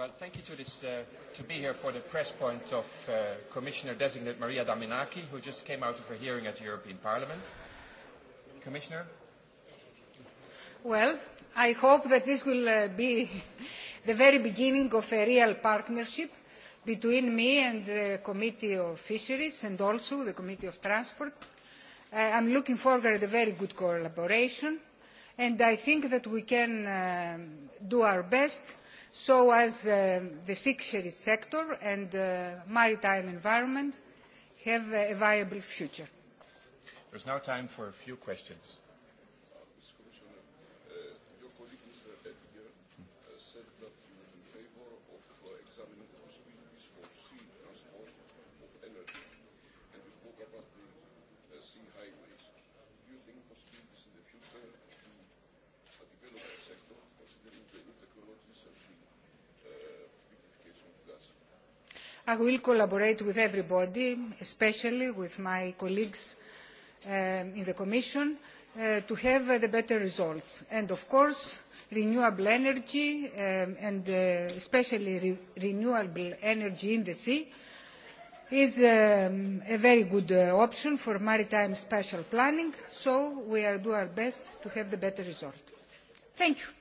Well, thank you to, this, uh, to be here for the press point of uh, Commissioner-designate Maria Daminaki, who just came out of her hearing at the European Parliament. Commissioner? Well, I hope that this will uh, be the very beginning of a real partnership between me and the Committee of Fisheries and also the Committee of Transport. Uh, I'm looking forward to a very good collaboration, and I think that we can uh, do our best so as uh, the fisheries sector and the uh, maritime environment have a viable future. There's now time for a few questions. I will collaborate with everybody, especially with my colleagues um, in the Commission, uh, to have uh, the better results. And of course, renewable energy, um, and uh, especially renewable energy in the sea, is um, a very good option for maritime spatial planning, so we are do our best to have the better result. Thank you.